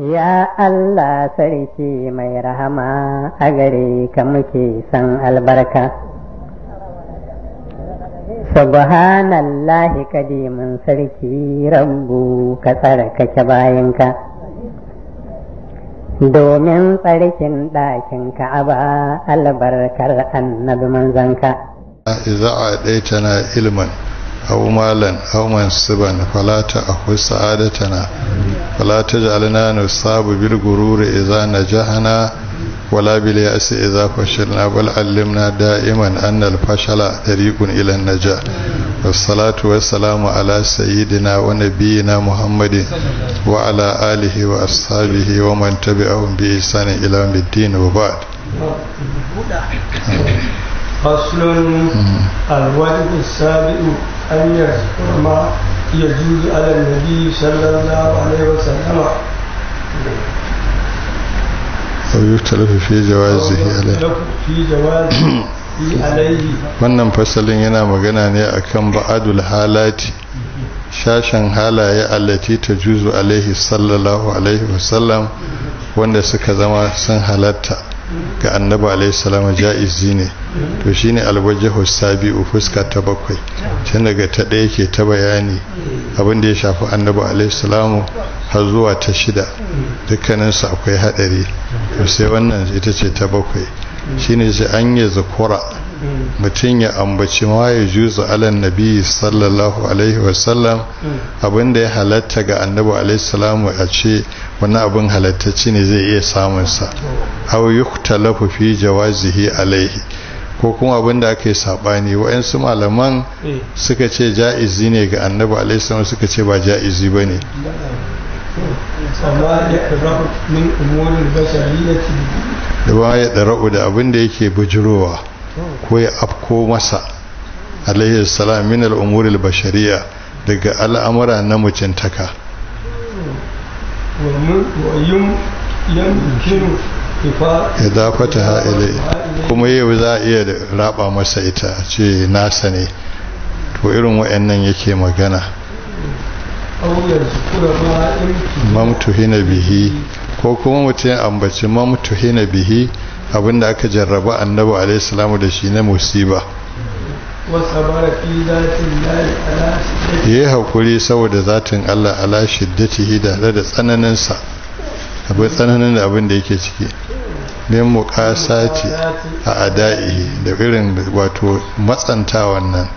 Ya Allah sarki mai rahama a gare ka muke san albarka. Subhanallahi kadimin sarki rabbu ka tsarkake bayanka. Domin tsarkin ɗakin ka'aba albarkar annabi manzanka. Za a ɗaya tana ilman. أو مالا أو منصبا فلا تأخذ سعادتنا فلا تجعلنا نصاب بالغرور إذا نجحنا ولا باليأس إذا فشلنا بل علمنا دائما أن الفشل طريق إلى النجاح والصلاة والسلام على سيدنا ونبينا محمد وعلى آله وأصحابه ومن تبعهم بإحسان إلى يوم الدين وبعد فصل الوجه السابع hanyar kuma ya juri على النبي صلى الله عليه وسلم أو يختلف في جوازه عليه في wannan fasalin yana magana ne a kan ba'adul halati shashen halaye allati ta juzu alaihi sallallahu alaihi wasallam wanda suka zama sun halatta ga annaba alaihi salama ja'izi ne to shine alwajhu sabi'u fuska ta bakwai tun daga ta ɗaya ke ta bayani abin da ya shafi annaba alaihi salamu har zuwa ta shida dukkanin su akwai hadari to sai wannan ita ce ta bakwai shine sai an yi zakura mutum ya ambaci ma ya juzu alan nabi sallallahu alaihi wasallam abinda ya halatta ga annabi alaihi salamu a ce wani abin halattaci ne zai iya samunsa yi talafu fi jawazihi alaihi ko kuma abin da aka yi saɓani wa'yansu malaman suka ce ja'izi ne ga annabi salamu suka ce ba ja'izi ba ne da ba ya ɗara'u da abin da yake bujirowa ko ya afko masa alaihi salam min al’umur bashariya daga al'amura na mucintaka idan fata ha'ile kuma yau za a iya raba masa ita ce nasa ne to irin wa'annan yake magana mamtuhina bihi ko kuma mutum ya ambaci ma mutu hina bihi abinda aka jarraba annabu alaihi salamu da shi na musiba ya yi haƙuri saboda zatin Allah ala shiddatihi da da tsananinsa akwai tsananin da abin da yake ciki mu ƙasa ce a ada'i da irin wato matsanta wannan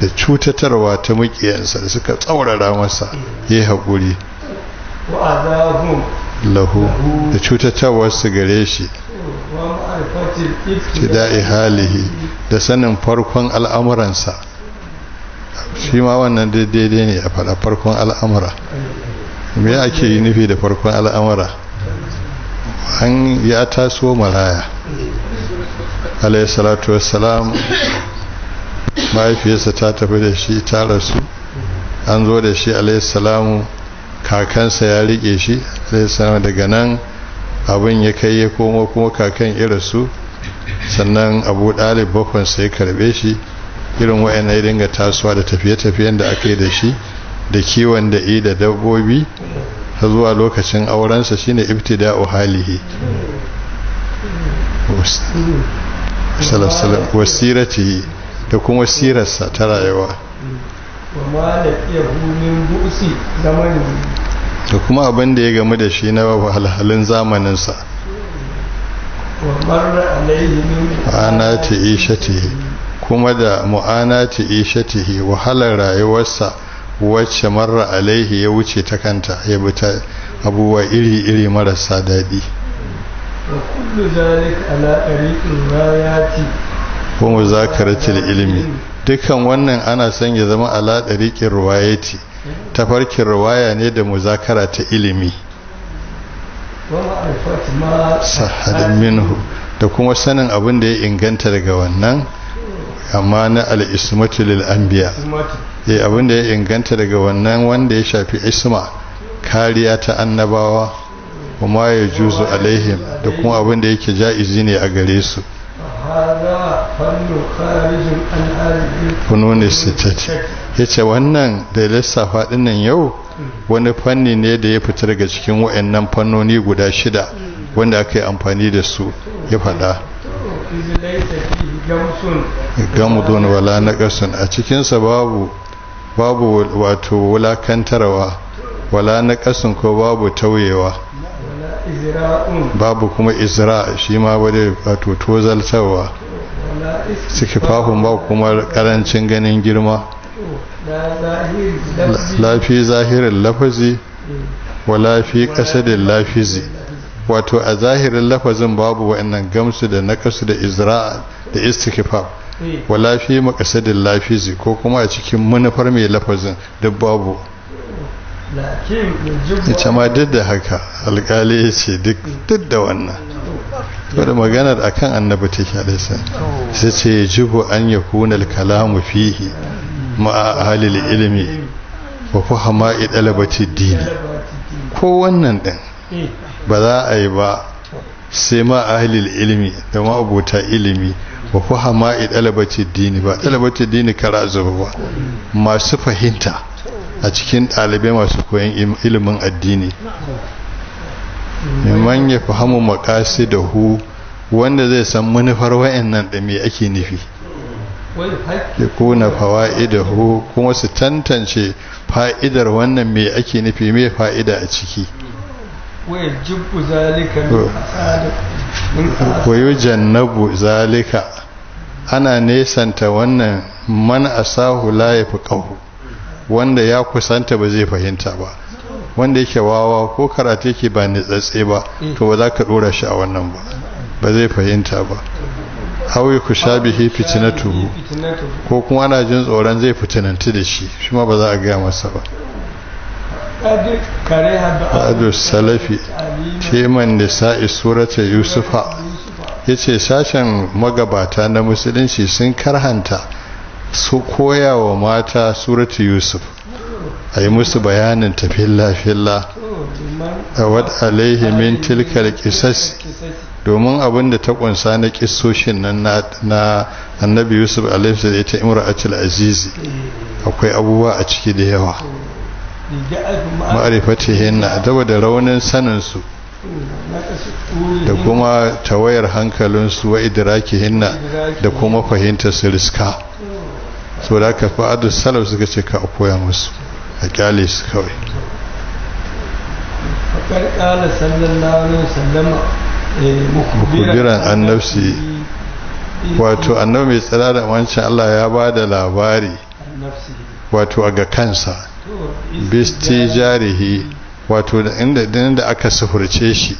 da cutatarwa ta muƙiyansa da suka tsaurara masa ya yi haƙuri lahu da cutattawarsu gare shi da'i halihi da sanin farkon al'amuransa shi ma wannan daidai ne a faɗa farkon al'amura me ake yi nufi da farkon al'amura an ya taso maraya alayhi salatu wassalam mahaifiyarsa ta tafi da shi ta rasu an zo da shi alayhi salamu kakansa ya rike shi zai sanar daga nan abin ya kai ya komo kuma kakan irasu sannan abu ɗalib bakwansa ya karbe shi irin wa'yan ya dinga tasowa da tafiye-tafiyen da aka yi da shi da kiwon da i da dabbobi ta zuwa lokacin aurensa shine ibtida'u halihi wasirati da kuma sirarsa ta rayuwa da kuma abin da ya gamu da shi na halhalin zamaninsa ma'ana ta yi. kuma da mu'ana ta yi, wahalar rayuwarsa wacce marar alaihi ya wuce ta kanta ya bi ta abubuwa iri-iri marasa daɗi kuma zakaratul ilimi dukkan wannan ana son ya zama ala ɗariƙin ta tafarkin ruwaya ne da muzakara ta ilimi minhu da kuma sanin abin da ya inganta daga wannan amma na al'ismatu lil'ambiya ya eh, abin da ya inganta daga wannan wanda ya shafi isma kariya ta annabawa kuma ya juzu alaihim da kuma abin da yake ja'izi ne a gare su ce yace wannan da lissafa dinnan yau wani fanni ne da ya fitar ga cikin wayannan fannoni guda shida wanda aka yi amfani da su ya faɗa don wala naqasun a cikinsa babu babu wato wulakantarwa wala naqasun ko babu tauyewa babu kuma isra shi ma wadda wato tozaltarwa suke fahun ba kuma karancin ganin girma lafi zahirin lafazi wa lafi kasadin lafizi wato a zahirin lafazin babu wa'annan gamsu da nakasu da isra da istikifa eh. wa lafi makasadin lafizi ko kuma a cikin manufar mai lafazin duk babu ita ma duk da haka alkali ya ce duk da wannan wadda maganar akan annabi take alaisa sai ce jibu an ya kunar kalamu fihi ma'a halil ilimi wa fuhama idalabati dini ko wannan din ba za a yi ba sai ma ahlil ilimi da ma abota ilimi wa fuhama idalabati dini ba talabati dini kara zuba ba masu fahimta a cikin ɗalibai masu koyon ilimin addini neman ya fahimu makasi da hu wanda zai san manufar nan da me ake nufi ya kuna hu kuma su tantance fa'idar wannan me ake nufi mai fa'ida a ciki wayo jannabu zalika ana nesanta wannan man asahu la ya fi wanda ya kusanta ba zai fahimta ba wanda yake wawa ko karatu yake ba nitsatse ba to ba za ka dora shi a wannan ba ba zai fahimta ba hawi ku sha bihi fitinatuhu ko kuma ana jin tsoron zai fitinanti da shi shi ma ba za a gaya masa ba adu salafi teman sa’i surata yusufa yace sashen magabata na musulunci sun karhanta su koya wa mata suratu yusuf a yi musu bayanin tafilla-filla a wad alaihi min tilkar kisas domin abin da ta kunsa na kisoshin nan na annabi yusuf alaihi da ita imra'atul azizi akwai abubuwa a ciki da yawa ma'arifatihin hinna, daba da raunin saninsu da kuma tawayar hankalinsu wa hinna, da kuma fahimtar su riska so da ka fa'adar salaf suka ce ka a koya musu a kyale su kawai fakar eh, an wato annabi mai tsira da wancan Allah ya ba da labari wato ga kansa bisti jarihi wato da inda da aka sufurce shi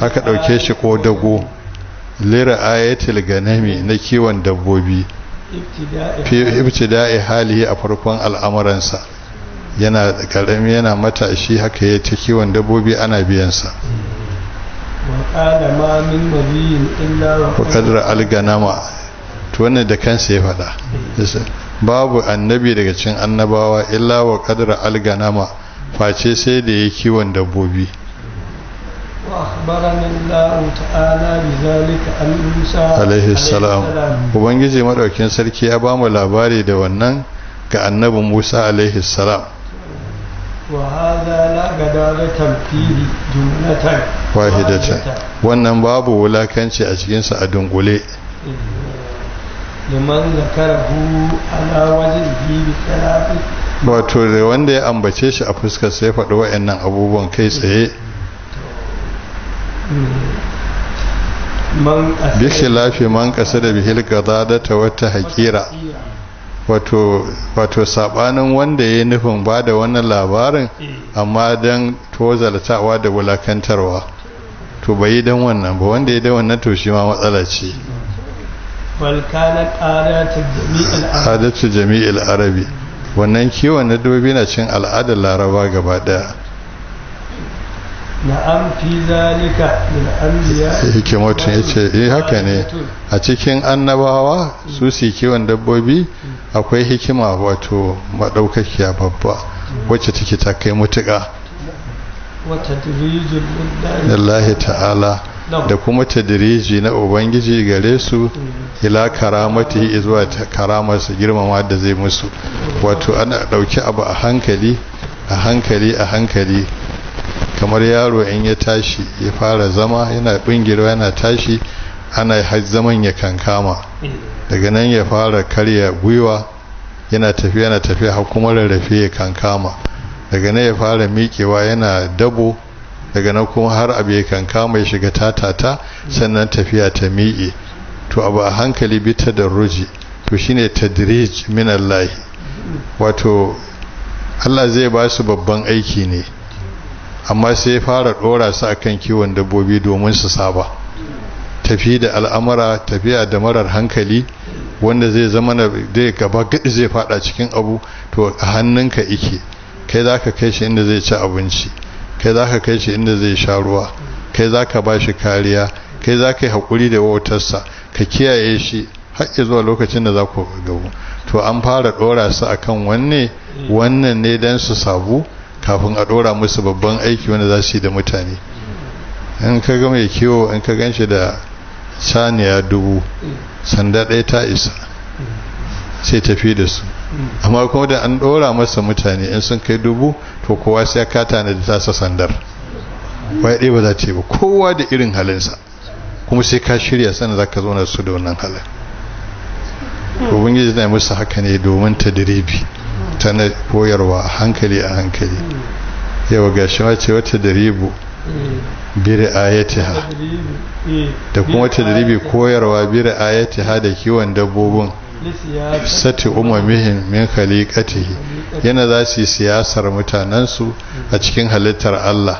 aka ɗauke shi ko dago lira ayatul ganami na kiwon dabbobi fi ibtida'i halihi a farkon al'amuransa yana karami yana matashi haka ya ta kiwon dabbobi ana biyansa waƙadar alganama to wannan da kansa ya faɗa babu annabi daga cin annabawa illa wa ƙadar alganama face sai da ya kiwon dabbobi وأخبرنا Salam تعالى بذلك Sarki ya عليه السلام وبنجي da wannan ga annabi Musa alaihi salam وهذا لا جدالة فيه جملة واحدة wannan babu wulakanci a cikin sa a dunkule liman zakarahu ala bi salafi wato da wanda ya ambace shi a fuskar sai faɗi wa'annan abubuwan kai tsaye bishi lafi man kasa da bihil gada ta wata hakira wato sabanin wanda ya nufin ba da wannan labarin amma don tozaltawa da wulakantarwa to bai don wannan ba wanda ya da wannan to shi ma matsala ce ta jami'il arabi wannan kiwon na dubi na cin al'adar laraba gaba daya na'am fi zalika min anbiya yace eh haka ne a cikin annabawa su su kiwon dabbobi akwai hikima wato madaukakiya babba wacce take ta kai mutuka wallahi ta'ala da kuma ta tadiriji na ubangiji gare su ila karamati zuwa su girmama da zai musu wato ana dauki abu a hankali a hankali a hankali kamar yaro in ya tashi ya fara zama yana bingirwa yana tashi ana zaman ya kankama daga nan ya fara karya gwiwa yana tafiya yana tafiya har kuma rarrafe ya kankama daga nan ya fara miƙewa yana dabo daga nan kuma har abu ya kankama ya shiga tatata sannan tafiya ta miƙe to abu a hankali bita da ruji to shine tadrij min Allah wato Allah zai ba su babban aiki ne amma sai ya fara dora su akan kiwon dabbobi domin su saba tafi da al'amara tafiya da marar hankali wanda zai zama na zai gaba gadi zai fada cikin abu to a hannunka ike kai za ka kai shi inda zai ci abinci kai za ka kai shi inda zai sha ruwa kai za ka ba shi kariya kai za ka yi haƙuri da wautarsa ka kiyaye shi har zuwa lokacin da za ku gabu to an fara ɗora su akan wanne wannan ne don su sabu kafin a dora musu babban aiki wanda za su yi da mutane in ka ga mai kiwo in ka gan shi da saniya dubu sanda ɗaya ta isa sai tafi da su amma kuma da an dora masa mutane in sun kai dubu to kowa sai kata na da tasa sandar wai ɗaya ba za ta yi ba kowa da irin halinsa kuma sai ka shirya sana za ka zo na su da wannan halin ubangiji na musu haka ne domin ta diribi tana koyarwa a hankali a hankali yawa shi wace wata daribu biri ha da kuma wata daribi koyarwa biri ha da kiwon dabbobin sati umamihin min khaliqatihi yana za su yi siyasar mutanensu a cikin halittar Allah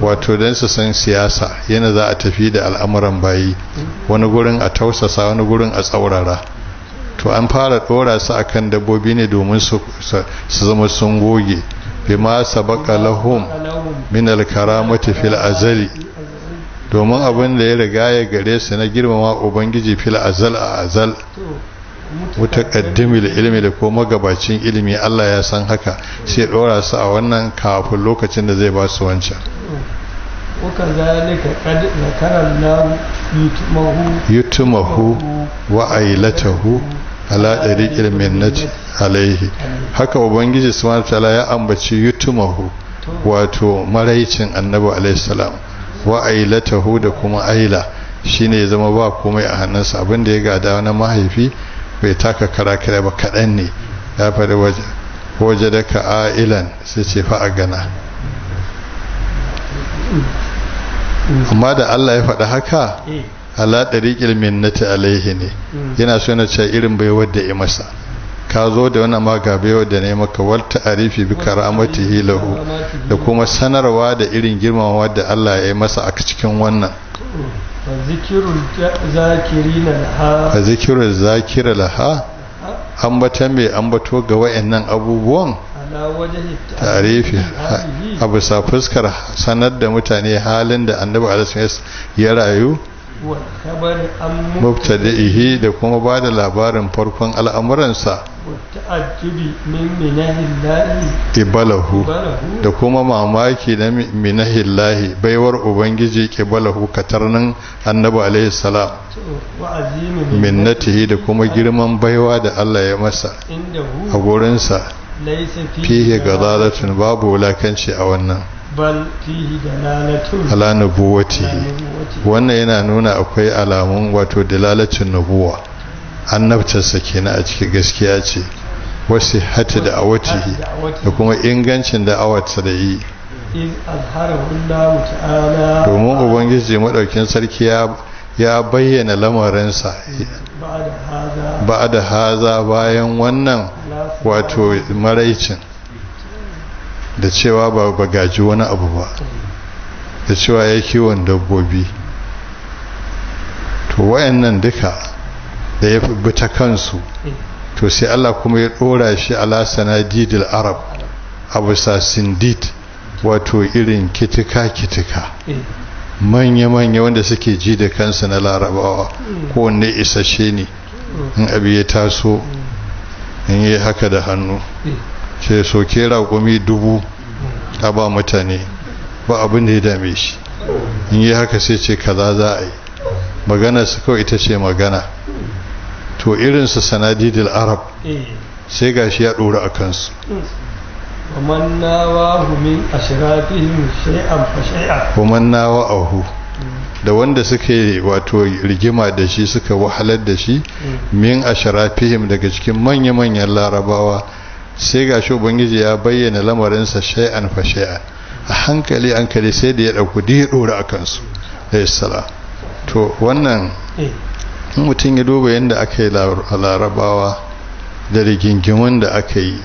wato don su san siyasa yana za a tafi da al'amuran bayi wani gurin a tausasa wani gurin a tsaurara to an fara dora su akan dabbobi ne domin su zama sun goge bima sabaka lahum min alkaramati fil azali domin abin da ya riga ya gare su na girmama ubangiji fil azal a azal mutaqaddimil ilmi da ko magabacin ilimi Allah ya san haka sai dora su a wannan kafin lokacin da zai ba su wancan وكذلك قد ذكر الله يتمه يتمه وعيلته ala ɗariƙil minnati alaihi haka ubangiji subhanahu ta'ala ya ambaci yutumahu wato maraicin annabi alaihi salam wa ailatahu da kuma aila shine ya zama ba komai a hannunsa abin da ya gada na mahaifi bai taka kara kira ba kaɗan ne ya faɗi waje waje ailan sai ce fa a gana amma da Allah ya faɗi haka eh. ala ɗariƙil minnati alaihi ne hmm. yana so na cewa irin bai wadda ya masa ka zo da wani amma ga bai wadda ne maka wal ta'arifi bi karamatihi lahu da kuma sanarwa da irin girmamawa da Allah ya yi masa a cikin wannan a zikirin zakira laha ambata mai ambato ga wa'annan abubuwan tarifi a bisa fuskar sanar da mutane halin da annabi alaihi ya rayu mubtadi'ihi da kuma ba da labarin farkon al'amuransa ibalahu da kuma mamaki na minahillahi baiwar ubangiji kibalahu katarnan annabi alaihi salam minnatihi da kuma girman baiwa da Allah ya masa a gurinsa ga gazalatun babu lakanci a wannan ala nubuwati wannan yana nuna akwai alamun wato dalalacin nubuwa ke na a cikin gaskiya ce wasu hati da awatihi da kuma ingancin da awarsa da yi domin ubangiji maɗaukin sarki ya bayyana lamarinsa ba da haza bayan wannan wato maraicin da cewa ba bagaji wani abu ba da cewa ya kiwon dabbobi to wayannan duka da ya fi ta kansu to sai Allah kuma ya dora shi ala sanadidil arab abu sindit wato irin kitika kitika manya-manya wanda suke ji da kansu na larabawa ko wanne isashe ne in abu ya taso in yi haka da hannu ce soke raƙumi dubu a ba mutane ba abin da ya dame shi in yi haka sai ce kaza za a yi magana su kawai ita ce magana to irinsu sanadidil arab sai gashi ya ɗora a kansu ومن نواه من da wanda suka yi wato rigima da shi suka wahalar da shi mm. min asharafihim daga cikin manya-manyan larabawa sai ga shi ubangiji ya bayyana lamarinsa shay'an fa shay'an a hankali hankali sai da ya dauku da ya dora a kansu to wannan in mutum ya duba yadda aka yi larabawa da rigingimun da aka yi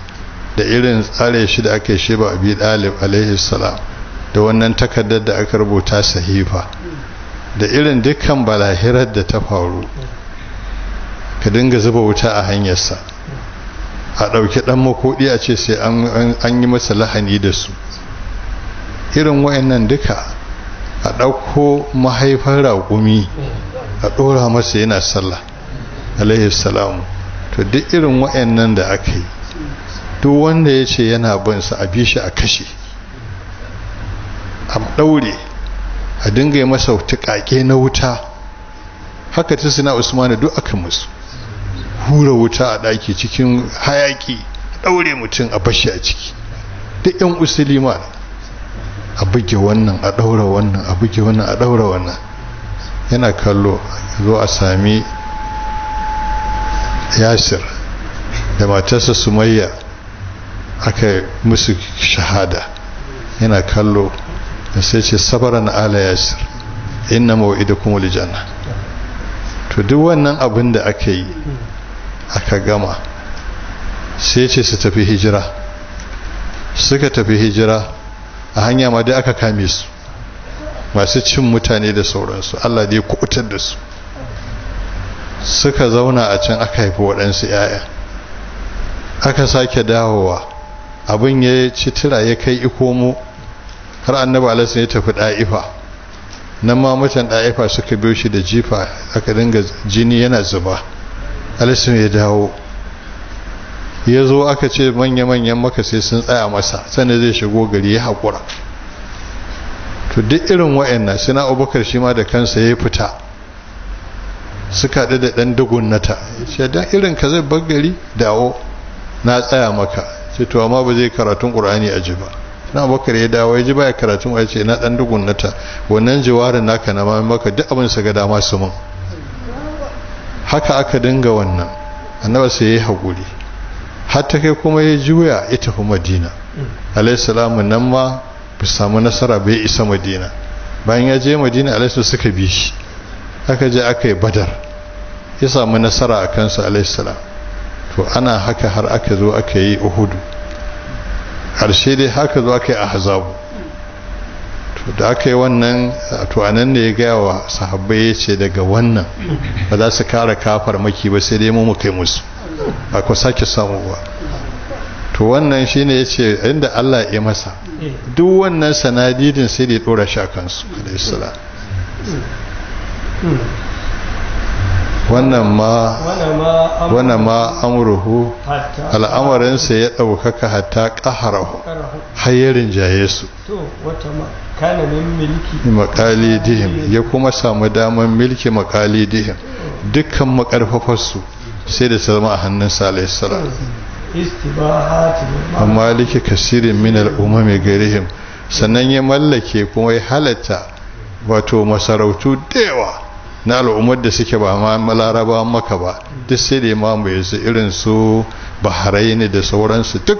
da irin tsare shi da aka yi shi ba abi dalib alaihi salam da wannan takardar da aka rubuta sahifa da irin dukkan balahirar da ta faru ka dinga zuba wuta a hanyarsa a ɗauki ɗan makoɗi a ce sai an yi masa lahani da su irin nan duka a ɗauko mahaifar raƙumi a ɗora masa yana sallah alaihi salamu to duk irin wayannan da aka yi duk wanda ya ce yana bin sa a bishi a kashe a ɗaure a dinga yi masa tuƙaƙe na wuta haka ta suna usmanu duk aka musu hura wuta a ɗaki cikin hayaƙi ɗaure mutum a bashi a ciki duk yan usuli ma a buge wannan a ɗaura wannan a buge wannan a ɗaura wannan yana kallo zo a sami yasir da matarsa sumayya aka musu shahada yana kallo da sai ce na ala yasir inna mawa'ida kuma lijana to duk wannan abin da aka yi aka gama sai ce su tafi hijira suka tafi hijira a hanya ma dai aka kame su masu cin mutane da sauransu Allah dai kubutar da su suka zauna a can aka haifi waɗansu 'ya'ya aka sake dawowa abin ya ci tira ya kai ikomo har annabi alasun ya tafi ɗa'ifa. nan ma mutan ɗa'ifa suka biyo shi da jifa aka dinga jini yana zuba alisun ya dawo ya zo aka ce manya-manyan maka sai sun tsaya masa sannan zai shigo gari ya haƙura to duk irin na suna abubakar shi ma da kansa ya fita suka haɗu da ɗan dugunnata ya irin ka zai gari dawo na tsaya maka ce to amma ba zai karatun ƙur'ani a ji ba na abubakar ya dawo ya ji baya karatun ya ce na ɗan nata wannan jiwarin naka na maka duk abin su ga dama su mun haka aka dinga wannan annaba sai ya yi har ta kai kuma ya juya ya tafi madina alaihissalamu nan ma ba samu nasara bai isa madina bayan ya je madina alaihissu suka bi shi aka je aka yi badar ya samu nasara a kansu alaihissalam to ana haka har aka zo aka yi uhudu ƙarshe dai haka zo aka yi ahzabu da aka yi wannan tuwanan da ya gaya wa sahabbai ya ce daga wannan ba za su kara kafar maki ba sai dai mu kai musu ba ku sake samu ba to wannan shi ne ya ce inda Allah ya masa duk wannan sanadidin sai da ya ɗora shi a kansu wannan ma wannan ma amruhu al'amarinsa ya ɗaukaka hatta ƙaharahu hayarin jaye su dihim ya kuma samu damar milki maƙalidihim dukkan makarfafarsu sai da salma a hannun salai salam amma liki kasirin min al'umma mai garihim sannan ya mallake kuma ya halatta wato masarautu da na al'ummar da suke ba ma laraba maka ba duk sai da imamu ya su irin su ne da sauransu duk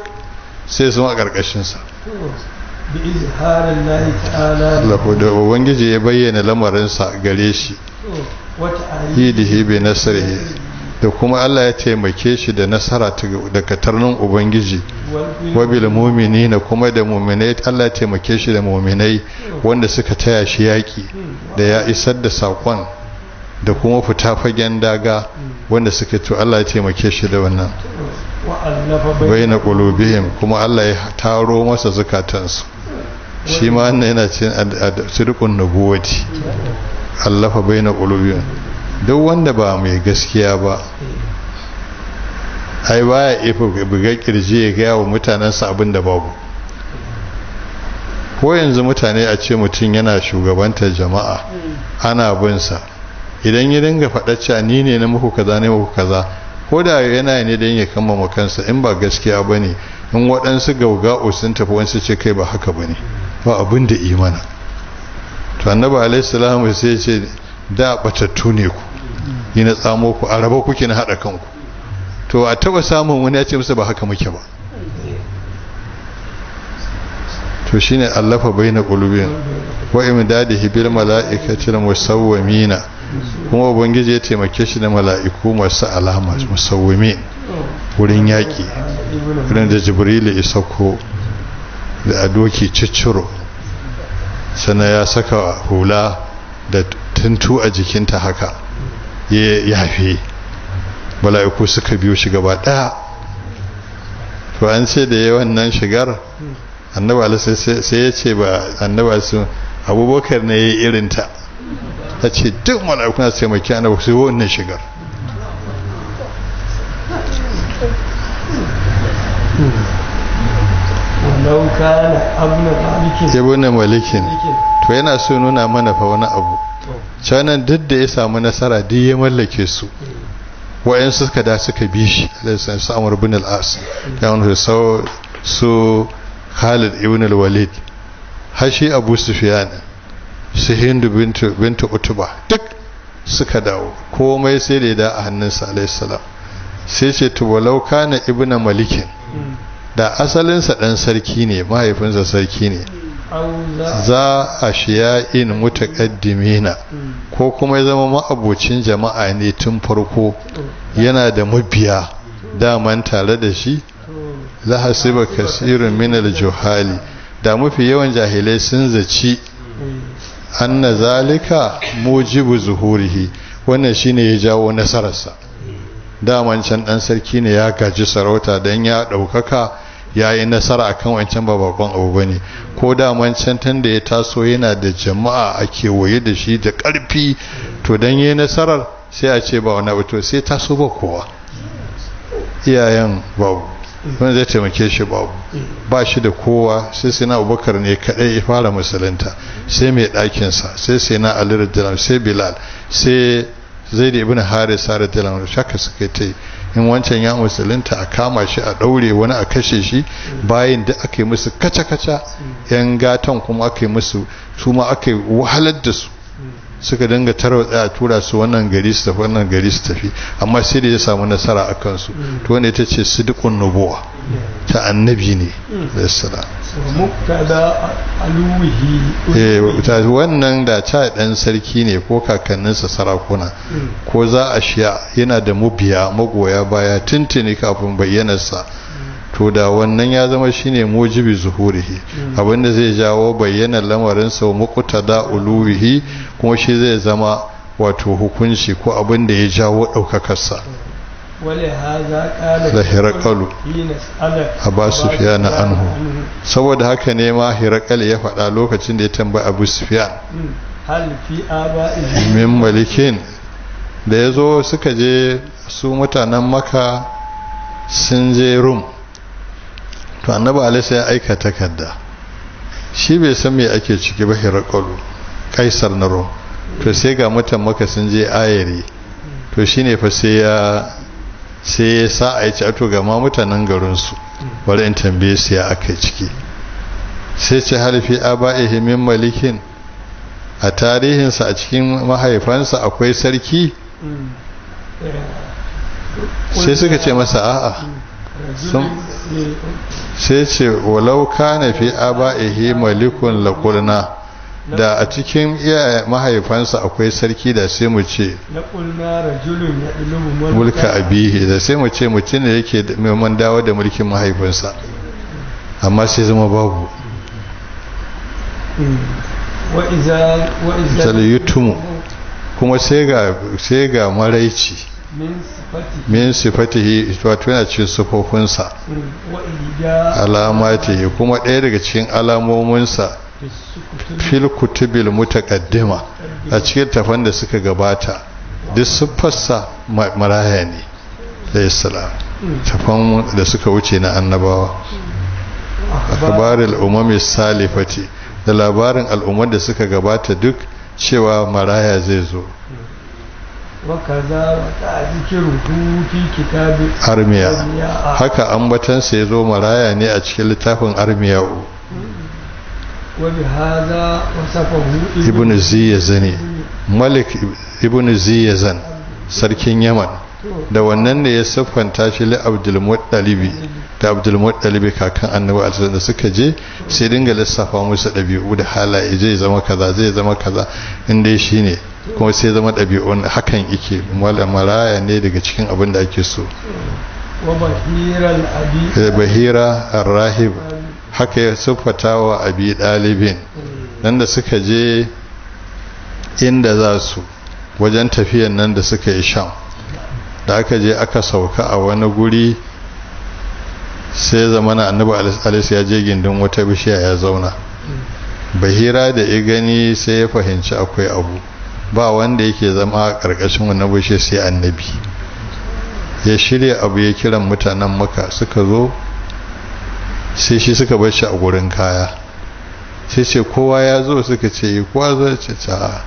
sai su a sa da ubangiji ya bayyana lamarinsa gare shi hidihi bi nasrihi da kuma Allah ya taimake shi da nasara da katarnin ubangiji wabil mumini na kuma da muminai Allah ya taimake shi da muminai wanda suka taya shi yaƙi da ya isar da saƙon da kuma fita fagen daga wanda suka to Allah ya taimake shi da wannan baina qulubihim kuma Allah ya taro masa zakatansu shi ma wannan yana cin sirqun nubuwati fa baina duk wanda ba mai gaskiya ba ai baya ifa buga ƙirji ya gaya wa mutanansa abin babu ko yanzu mutane a ce mutum yana shugabantar jama'a ana bin sa idan ya dinga faɗacca ni ne na muku kaza ne muku kaza ko da yana ne don ya kammama kansa in ba gaskiya ba ne in waɗansu gauga'u sun tafi wansu ce kai ba haka ba ne ba abin da imana to annabi alaihi salamu sai ce da batattu ne ku ni na tsamo ku a kuke na haɗa kanku to a taɓa samun wani ya ce musu ba haka muke ba to shine allafa baina qulubin wa imdadihi bil mala'ikati musawwamina kuma ubangiji ya taimake shi da mala'iku masu alama musawwami wurin yaƙi wurin da jibrilu isa ko da adoki cicciro sannan ya saka hula da tuntu a jikinta haka ya yafe mala'iku suka biyo shi gaba ɗaya to an ce da yawan nan shigar annabawa sai ya ce ba sun abubakar ne ya yi irinta a ce duk mala'iku na taimaki annabi su wannan shigar ibn malikin to yana so nuna mana fa wani abu canan duk da ya samu nasara duk ya mallake su wa'yan suka da suka bi shi su samun bin al'as ya wani su khalid ibn al-walid hashi abu ne. su hindu bintu utuba duk suka dawo komai sai da da a hannunsa salam sai ce tuwalau kana ibna malikin da asalinsa dan sarki ne mahaifinsa sarki ne za a shiya'in mutaqaddimina ko kuma ya zama ma'abocin jama'a ne tun farko yana da mabiya daman tare da shi la hasiba kasirun min al-juhali da mafi yawan jahilai sun zaci anna zalika mujibu zuhurihi wannan shine ya jawo nasararsa daman can dan sarki ne ya gaji sarauta dan ya daukaka yayi nasara akan wancan babban abu bane ko daman can tun da ya taso yana da jama'a a waye da shi da karfi to dan yayi nasarar sai a ce ba wani abu to sai taso ba kowa iyayen babu Wani zai taimake shi babu ba shi da kowa sai sai na abubakar ne kaɗai ya fara musulunta sai mai ɗakinsa sai sai na ali dalam sai bilal sai zai da hari harisa dalam da shaka suka ta in wancan ya musulunta a kama shi a ɗaure wani a kashe shi bayan da aka yi musu kaca-kaca yan gatan kuma aka yi musu su ma aka yi wahalar da su suka dinga tarwatsa a tura su wannan gari su tafi wannan gari su tafi amma sai da ya samu nasara a kansu to wanda ita ce sidikun nubuwa ta annabi ne da sara eh, wannan da ta dan sarki ne ko kakanninsa sarakuna ko za a shiya yana da mubiya magoya baya tuntuni kafin bayyanarsa to da wannan ya zama shine mujibi zuhurihi hmm. abinda zai jawo bayyana lamarin sau muqtada uluwihi kuma shi zai zama wato hukunci ko abin da ya jawo ɗaukakarsa da kalu a ba su fiya na anhu saboda haka ne ma hirakal ya faɗa lokacin da ya tambayi abu su hmm. fiya min malikin da ya zo suka je su mutanen maka sun je rum to annaba alisa ya aika takarda shi bai san me ake ciki ba hirakolu kaisar na ro to sai ga mutan maka sun je ayari to shine fa sai ya sai ya sa a ci to ga ma mutanen su bari in tambaye su ya aka ciki sai ce halifi aba'ihi min malikin a tarihinsa a cikin mahaifansa akwai sarki mm. sai suka ce masa a'a mm. sai ce walau kana fi aba'ihi malikun lakulna da a cikin iyaye mahaifansa akwai sarki da sai mu ce mulka abihi da sai mu ce mutum ne yake neman dawo da mulkin mahaifinsa amma sai zama babu hmm. wa'iza yutumu kuma sai ga maraici min sifatihi wato yana cikin sufofinsa alamatihi kuma ɗaya daga cikin alamominsa fil kutubil mutaqaddima a cikin tafan da suka gabata duk fassa maraya ne mm. tafan da suka wuce na annabawa kabarin umami salifati da labarin al'ummar da suka gabata duk cewa maraya zai zo mm. wakaza wata ajiki rubutun kitabin armiya haka an ambatan sai zo maraya ne a cikin littafin armiya u wani haza wasafahu ibn ziyazan malik ibn ziyazan sarkin yaman da wannan ne ya siffanta shi li abdulmuttalibi da abdulmuttalibi kakan annabi alaihi da suka je sai dinga lissafa musu ɗabi'u da halaye zai zama kaza zai zama kaza inda shine shi ne kuma sai zama ɗabi'un hakan ike maraya ne daga cikin abin da ake so da eh, bahira arrahib haka ya siffata wa abi ɗalibin nan da suka je inda za su wajen tafiyan nan da suka yi sham da aka je aka sauka a wani guri sai zamana annabi alis ya je gindin wata bishiya ya zauna bahira da ya gani sai ya fahimci akwai abu ba wanda yake zama a ƙarƙashin wannan bushe sai annabi ya shirya abu ya kiran mutanen maka suka zo sai shi suka bar shi a gurin kaya sai ce kowa ya zo suka ce eh, kowa zai ce ta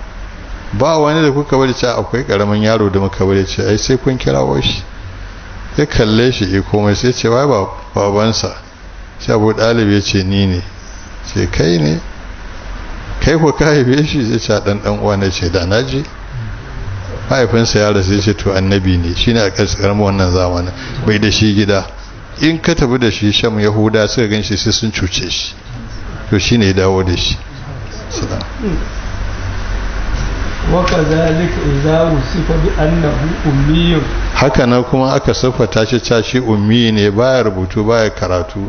ba wani da kuka bari ca akwai karamin yaro da muka bari ce ai sai kun kirawo shi ya kalle shi ya eh, komai sai ce wai babansa sai abu dalibi ya ce ni ne ce kai ne kai ko ka haife shi zai ci dan dan uwa na ce da na je mahaifinsa ya rasu ce to annabi ne shi ne a ƙarƙarmu wannan zamanin bai da shi gida in ka tafi da shi sham yahuda suka gan shi sai sun cuce shi to shi ne dawo da shi haka na kuma aka siffata shi cashi ummi ne baya rubutu baya karatu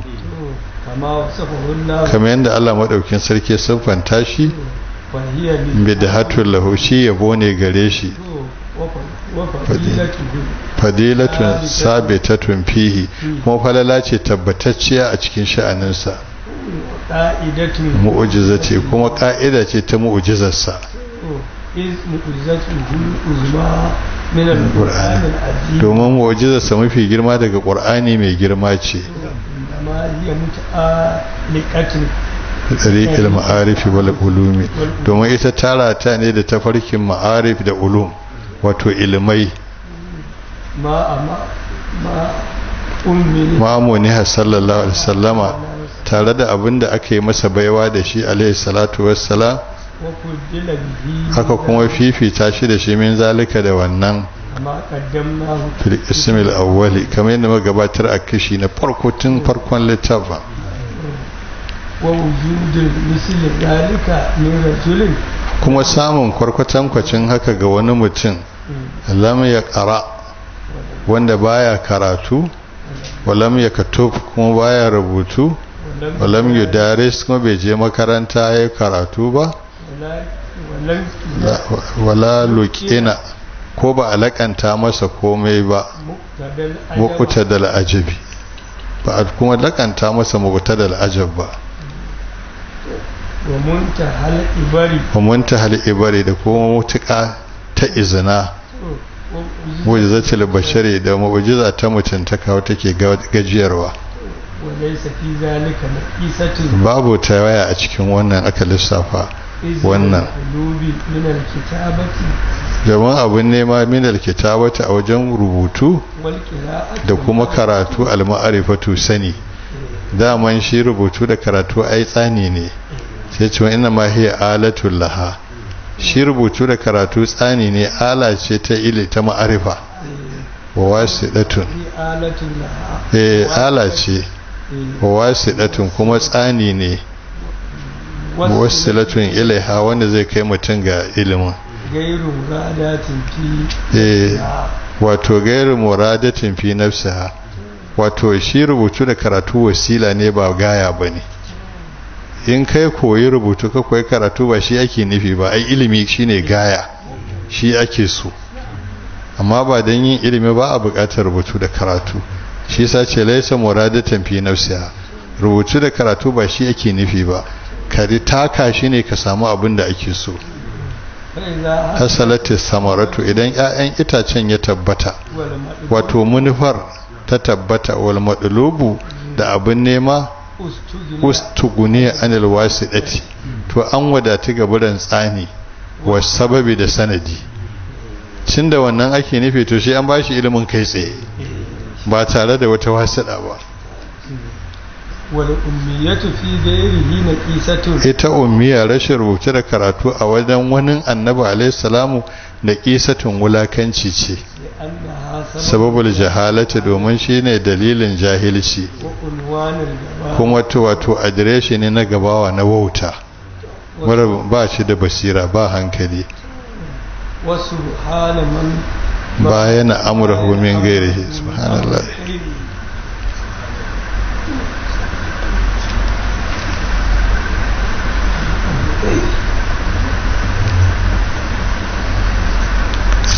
kamar yadda Allah maɗaukin sarki siffanta shi bidhatun lahu lahushi yabo ne gare shi fadilatun sabitatun fihi hmm. kuma falala ce tabbatacciya a cikin sha'aninsa mu'ujiza ce kuma ƙa'ida ce ta mu'ujizarsa domin mu'ujizarsa mafi girma daga ƙur'ani mai girma ce hmm. ما هي متعلقة tsariƙil ma'arifi wala ulumi domin ita tara ta ne da tafarkin ma'arif da ulum wato ilmai ma'amuni sallallahu alaihi sallama tare da abin da aka yi masa baiwa da shi alaihi salatu wassalam aka kuma fifita shi da shi min zalika da wannan fil ismil awwali kamar yadda magabatar a kashi na farko tun farkon littafin kuma samun kwarkwatan kwacin haka ga wani mutum lam ya kara wanda baya karatu walam ya katub kuma baya rubutu walam ya daris kuma bai je makaranta ya karatu ba wala lukina ko ba a lakanta masa komai ba mukuta da al'ajabi ba a kuma lakanta masa mukuta da al'ajab ba domin ta hal'ibari da kuma mutuka ta izina mujizatul bashari da mujiza ta ta wata ke gajiyarwa babu tawaya a cikin wannan aka lissafa wannan domin abin nema minal kitabati a wajen rubutu da kuma karatu alma'arifatu sani daman shi rubutu da karatu ai tsani ne sai ce ina ma hiya alatul laha shi rubutu da karatu tsani ne ala ce ta ili ta ma'arifa wa wasidatun eh ala ce wa wasidatun kuma tsani ne wasilatun ilaiha wanda zai kai mutum ga ilimin gairu muradatin fi eh wato gairu muradatin fi nafsiha wato shi rubutu da karatu wasila ne ba gaya ba ne. in kai koyi rubutu ka koyi karatu ba shi ake nufi ba ai ilimi shi ne gaya shi ake so amma ba don yin ilimi ba a buƙatar rubutu da karatu shi sace laisa muradatan fi nafsiha rubutu da karatu ba shi ake nufi ba ka taka shi ne ka samu abin da ake so hasalati samaratu idan 'ya'yan itacen ya tabbata wato manufar ta tabbata wal madlubu da abin nema ustuguni anil wasidati to an wadati gaburan tsani wa sababi da sanadi cin da wannan ake nufi to shi an bashi ilimin kai tsaye ba tare da wata wasiɗa ba ita umiya rashin rubuce da karatu a wajen wani annabi alaihissalamu da kisatun wulakanci ce sababul jahalata domin shi ne dalilin jahilci kuma wato adireshi ne na gabawa na wauta ba shi da basira ba hankali wasu halaman bayan amurahu min gairihi subhanallah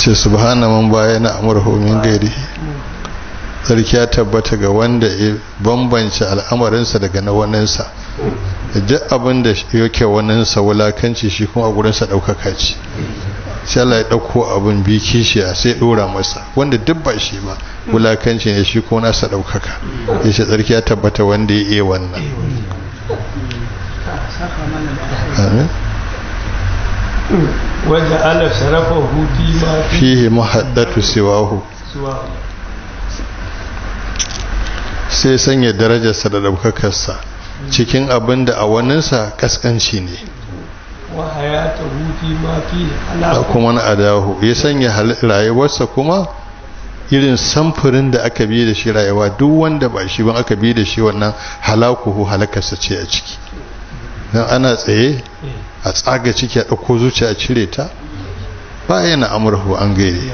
ce subhana man bayana amurhu min gairi sarki ya tabbata ga wanda ya bambance al'amarinsa daga na waninsa duk abin da yake waninsa wulakanci shi kuma a gurinsa ɗaukaka ce shi Allah ya ɗauko abin bi a sai ɗora masa wanda duk ba shi ba wulakanci ne shi kuma nasa ɗaukaka ya shi tsarki ya tabbata wanda ya iya wannan amin وجعل شرفه فيما فيه محدة سواه sai sanya darajarsa da daukakarsa cikin abinda da a waninsa kaskanci ne a kuma na adahu ya sanya rayuwarsa kuma irin samfurin da aka biye da shi rayuwa duk wanda ba shi ban aka biye da shi wannan halakuhu halakarsa ce a ciki don ana tsaye a tsaga ciki a ɗauko zuciya a cire ta ba yana amurhu an gaire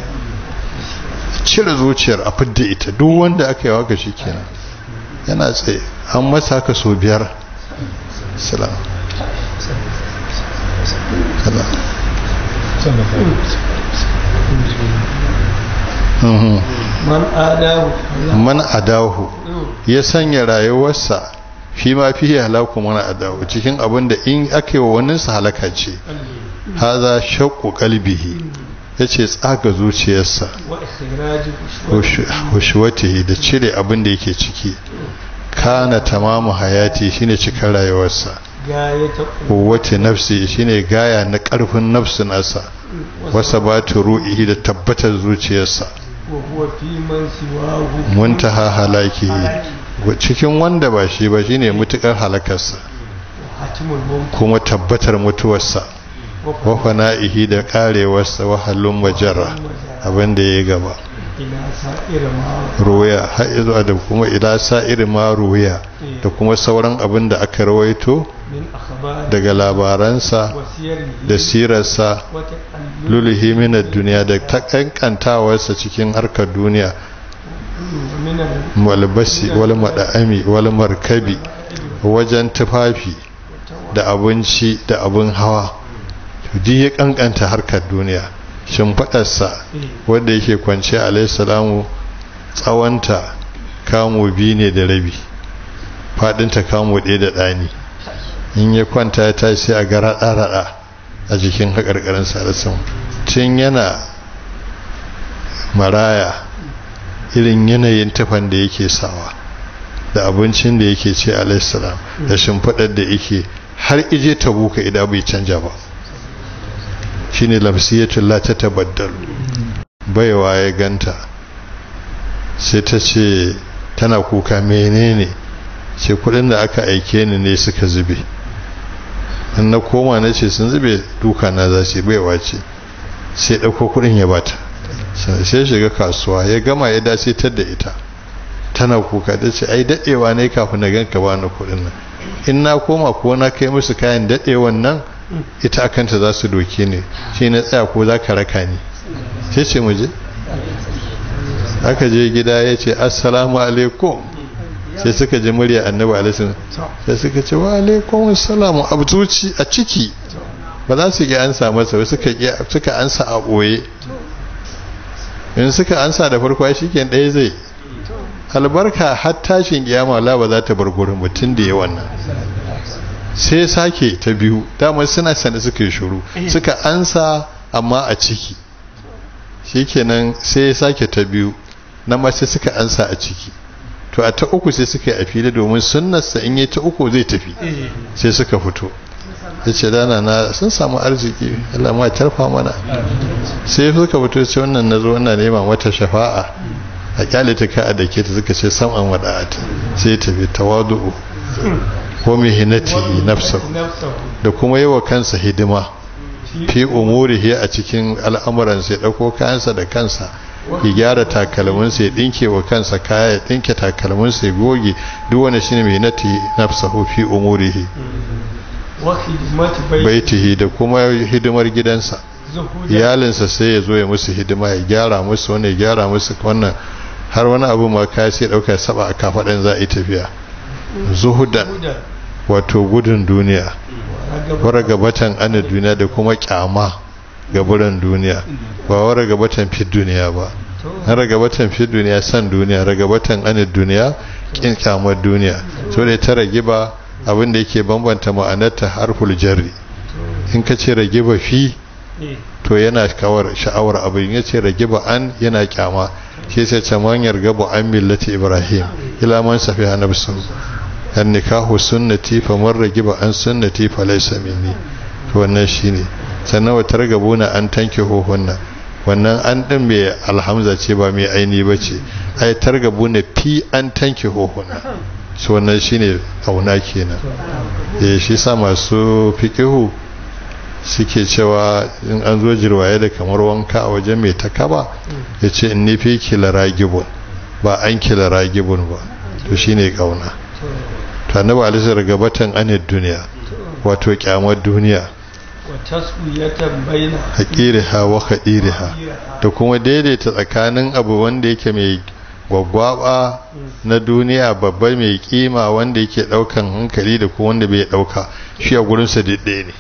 cire zuciyar a fidda ita duk wanda aka yi waka shi kenan yana tsaye an masa haka so biyar salam mhm. man adahu ya sanya rayuwarsa fi ma fi halaku mana adawu cikin abin da in ake wa wannan su halaka ce haza shaqqu ya ce tsaga zuciyarsa hushwatihi da cire abin da yake ciki kana tamamu hayati shine cikin rayuwarsa kowace nafsi shine gaya na karfin nafsi nasa wasa ta ru'ihi da tabbatar zuciyarsa Mun muntaha halaki cikin wanda ba shi ba shi shine mutuƙar halakarsa kuma tabbatar mutuwarsa wafa fana'ihi da ƙarewarsa wa halun abinda ya gaba ruwaya har da kuma ila sa'ir ma ruwaya da kuma sauran abin da aka rawaito daga labaransa da sirarsa luluhi minar duniya da ta kankantawarsa cikin harkar duniya walbashi wal mada'ami wal markabi wajen tufafi da abinci da abin hawa duk ya kankanta harkar duniya shimfadarsa wanda yake kwance alayhi tsawonta kamu biyu ne da rabi fadinta kamu ɗaya da ɗani in ya kwanta ya tashi sai a ga raɗa-raɗa a jikin haƙarƙarin sarasin tun yana maraya irin yanayin tufan da yake sawa da abincin da yake ce alaihissalam da shimfiɗar da yake har ije ta buka idan bai canja ba Shi shine lafsiyatul la ta tabaddal baiwa ya ganta sai ta ce tana kuka menene ce kudin da aka aike ni ne suka zube in na koma na ce sun zube duka na za baiwa ce sai ɗauko kudin ya bata sai shiga kasuwa ya gama ya dace ta da ita tana kuka da ce ai daɗewa ne kafin na ganka ba na kudin nan in na koma ko na kai musu kayan dadewan nan ita kanta za su doke ne shi na tsaya ko za ka raka ni sai ce mu je aka je gida ya ce assalamu alaikum sai suka ji murya annabi alaihi sai suka ce wa alaikum assalamu abtuci a ciki ba za su ki ansa masa suka suka ansa a boye in suka ansa da farko shi ke ɗaya zai albarka har tashin kiyama la ba za ta bar gurin mutum da ya wannan sai sake ta biyu dama suna sanda suka yi shuru suka ansa amma a ciki shikenan sai sake ta biyu na ma suka ansa a ciki to a ta uku sai suka yi a fili domin sunnarsa in yi ta uku zai tafi eh. sai suka fito ya ce dana na sun samu arziki Allah ma tarfa mana sai suka fito ce wannan na zo wannan nema wata shafa'a a kyale ta ka da ke ta suka ce sam an wada'at sai ta bi tawadu'u ko hinati nafsa da kuma yi wa kansa hidima fi umurihi a cikin al'amuran ya dauko kayansa da kansa ya gyara takalmin ya dinke wa kansa kaya ya ɗinke takalminsa ya goge duk wani shine mai nati nafsahu fi umurihi baitihi da kuma hidimar gidansa iyalinsa sai ya zo ya musu hidima ya gyara musu wani ya gyara musu wannan har wani abu ma ka sai dauka saba a kafadan za a yi tafiya zuhudan wato gudun duniya wara gabatan ana duniya da kuma kyama gaburan duniya ba wara gabatan fit duniya ba na ragabatan fi duniya san duniya ragabatan ana duniya kin kyamar duniya so da ta ragiba ba abin da yake bambanta ma'anarta harful jarri in ka ce ragiba fi eh. to yana kawar sha'awar abin ya ce ragiba an yana kyama shi sai ce manyar gaba an millati ibrahim ila man safi hanabsu an nikahu sunnati fa man ragiba an sunnati fa laysa minni to wannan shine sannan wa na an tanke hohunna wannan an din mai alhamza ce ba mai aini bace ai targabuna fi an tanke hohunna shi wannan shine auna kenan eh shi sa masu fiƙihu suke cewa in an zo jirwaye da kamar wanka a wajen mai ya ce in nufi kila ragibun ba an kila ragibun ba to shi ne kauna to annabi alisa ragabatan anid duniya wato kyamar duniya a ƙiriha wa ƙiriha da kuma daidaita tsakanin abu wanda yake mai gwaggwaba na duniya babba mai kima wanda yake daukan hankali da kuma wanda bai dauka shi a gurin sa didde ne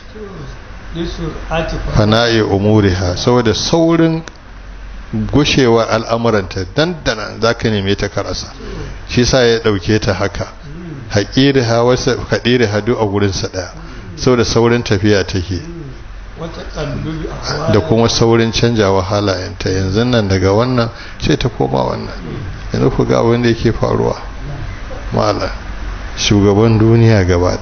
fana'i umuriha saboda saurin gushewa al'amuranta dandana za zaka neme ta karasa shi sa ya dauke ta haka ha wasa kadiri hadu a gurinsa ɗaya saboda saurin tafiya take da kuma saurin canjawa halayenta yanzu nan daga wannan sai ta koma wannan yanzu ku ga abin da yake faruwa mala shugaban duniya gaba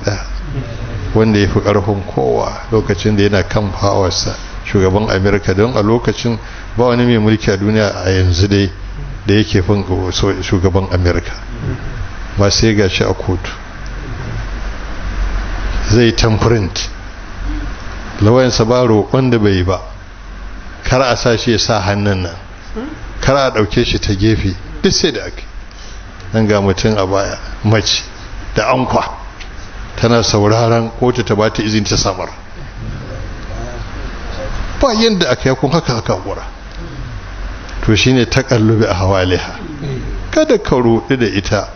wanda ya fi ƙarfin kowa lokacin da yana kan fawarsa shugaban amerika don a lokacin ba wani mai mulki a duniya a yanzu dai da yake fin shugaban amerika ba sai ga shi a kotu zai tamprint lawayensa ba roƙon da bai ba kar a sa ya sa hannun nan kar a ɗauke shi ta gefe duk sai da ake ga mutum a baya mace da ankwa tana sauraron kotu ta ba ta izin ta samar ba yadda aka yakun haka haka gura to shine takallube a hawaliha kada ka ruɗu da ita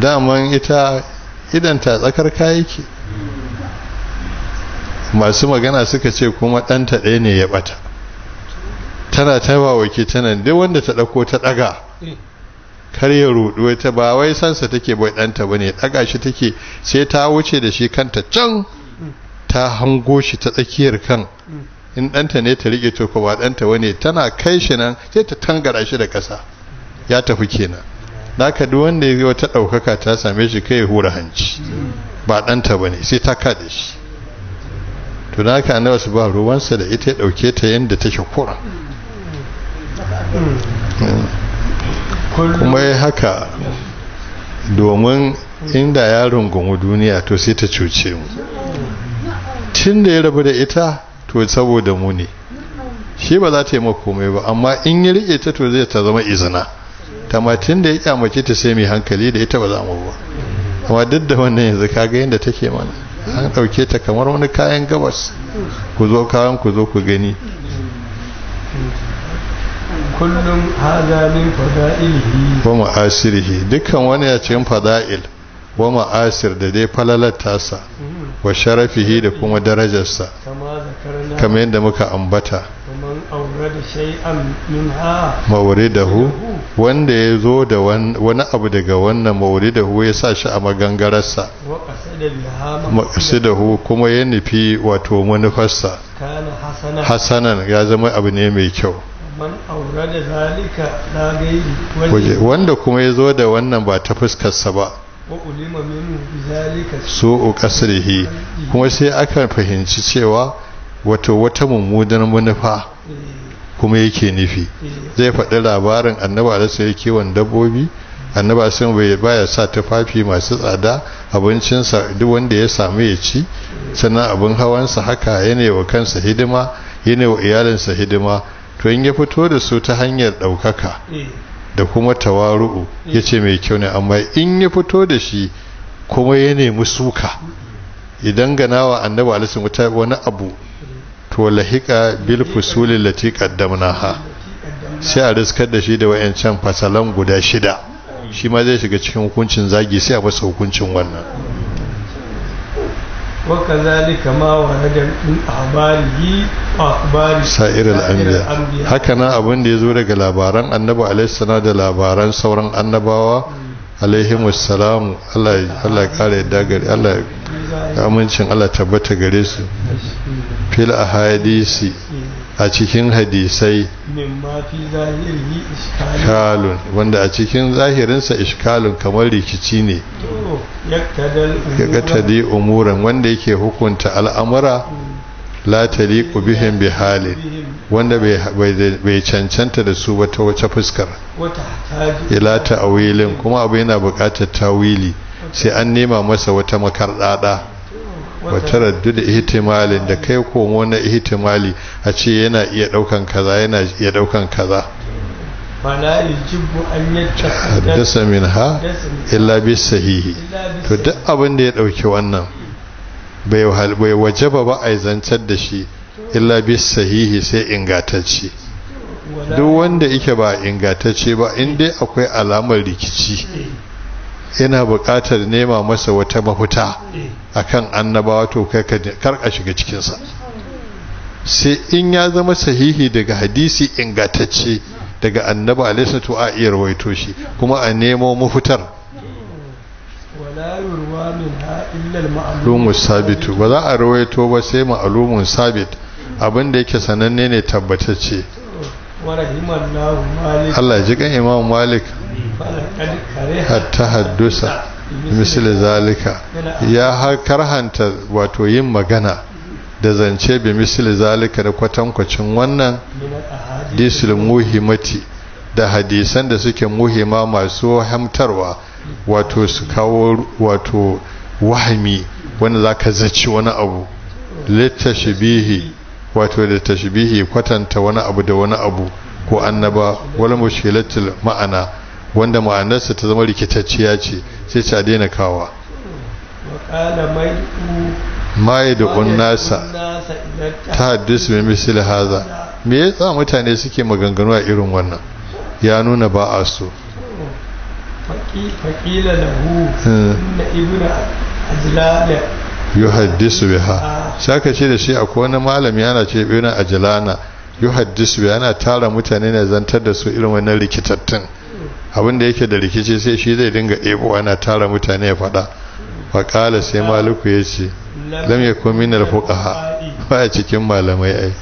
daman ita idan idanta tsakar kayaki masu magana suka ce kuma ɗanta ɗaya ne ya ɓata tana ta wake ta nan wanda ta dauko ta daga eh. kar ya rudu ta ba wai sansa take bai ɗanta ba ne daga shi take sai ta wuce da shi kanta can ta hango shi ta tsakiyar kan mm. in ɗanta ne ta riƙe toko ba danta wane tana kai shi nan sai ta tangara shi da kasa ya tafi kenan naka duk wanda ya wata ɗaukaka ta same shi kai hura hanci mm. ba ɗanta bane sai ta kada shi to naka na wasu ba ruwansa da ita ya ɗauke ta yanda take kura kuma ya haka domin inda ya rungumi duniya to sai ta cuce mu tun da ya rabu da ita to saboda mu ne shi ba za ta yi makomai ba amma in ya riƙe ta to zai ta zama izina tamatin da ya kyamace ta sai mai hankali da ita ba za mu ba amma duk da wannan yanzu kaga yadda take mana an ɗauke ta kamar wani kayan gabas ku zo kayan ku zo ku gani kullum hada min fada'ilihi wa ma'asirihi dukkan wani a cikin fada'il wa ma'asir da dai sa wa sharafihi da kuma darajarsa kamar yadda muka ambata mawridahu wanda ya zo da wani abu daga wannan mawridahu ya sa shi a magangararsa maƙasidahu kuma ya nufi wato manufarsa hasanan ya zama abu ne mai kyau wanda kuma ya zo da wannan ba ta fuskarsa ba so kasrihi kuma sai aka fahimci cewa wato wata mummunar manufa kuma yake nufi zai faɗi labarin annaba alasa ya kiwon dabbobi annaba sun bai baya sa tufafi masu tsada abincinsa duk wanda ya samu ya ci sannan abin hawansa haka yanayi wa kansa hidima yanayi wa iyalinsa hidima to in ya fito da su ta hanyar ɗaukaka eh. da kuma tawaru'u eh. ya ce mai kyau ne amma in ya fito da shi kuma ya nemi suka idan ganawa annabi alisun wuta wani abu to lahika bil fusulin lati kaddamna ha sai a riskar da shi da wayancan fasalan guda shida shi ma zai shiga cikin hukuncin zagi sai a masa hukuncin wannan وكذلك ما ورد من أخباره وأخبار سائر الأنبياء هكذا أبن دي زورك لابارن النبو عليه السلام دي لابارن سوران النبوة alaihim السلام الله الله قال da الله Allah ya amincin Allah tabbata gare su a cikin hadisai iskalun wanda a cikin zahirinsa iskalun kamar rikici ne ya umuran wanda yake hukunta al'amura mm. la taliqu bihim bi halin wanda bai cancanta da su wata wace fuskar ila ta'awilin kuma abu yana buƙatar tawili sai an nema masa wata makardada wata da ihtimalin da kai komo na ihtimali a ce yana iya daukan kaza yana iya daukan kaza mana yajibu an minha illa bi sahihi to duk abin da ya dauki wannan bai bai wajaba ba ai zancar da shi illa bi sahihi sai ingantacce duk wanda yake ba ingantacce ba in dai akwai alamar rikici yana buƙatar nema masa wata mafuta eh. akan annabawa to karka shiga cikinsa sai in ya zama sahihi daga hadisi ingantacce daga a alaihi to a iya rawaito shi kuma a nemo mafutar Lumus sabitu ba za a rawaito ba sai ma'alumun sabit abinda yake sananne ne tabbatacce Allah ji kan imam malik hatta haddusa misali zalika ya karhanta wato yin magana da zance bi misali zalika da kwatankwacin wannan disul muhimmati da hadisan da suke muhimma masu hamtarwa wato su kawo wato wahami wanda za ka zaci wani abu littashi bihi wato da tashbihi kwatanta wani abu da wani abu ko annaba wala mushkilatul ma'ana wanda ma'anarsa ta zama rikitacciya ce sai ta daina kawa mai da unnasa ta haddis mai misali haza me ya sa mutane suke maganganu a irin wannan ya nuna ba a so faƙila lahu hmm. na ajlala yuhaddisu biha saka ce da shi akwai wani malami yana ce birnin ajilana yuhaddisu biha yana tara mutane ne zantar da su irin wannan rikitattun abin da yake da rikici sai shi zai dinga ɗebo ana tara mutane ya faɗa faƙala sai maluku ya ce lam yakun min al fuqaha ba cikin malamai ai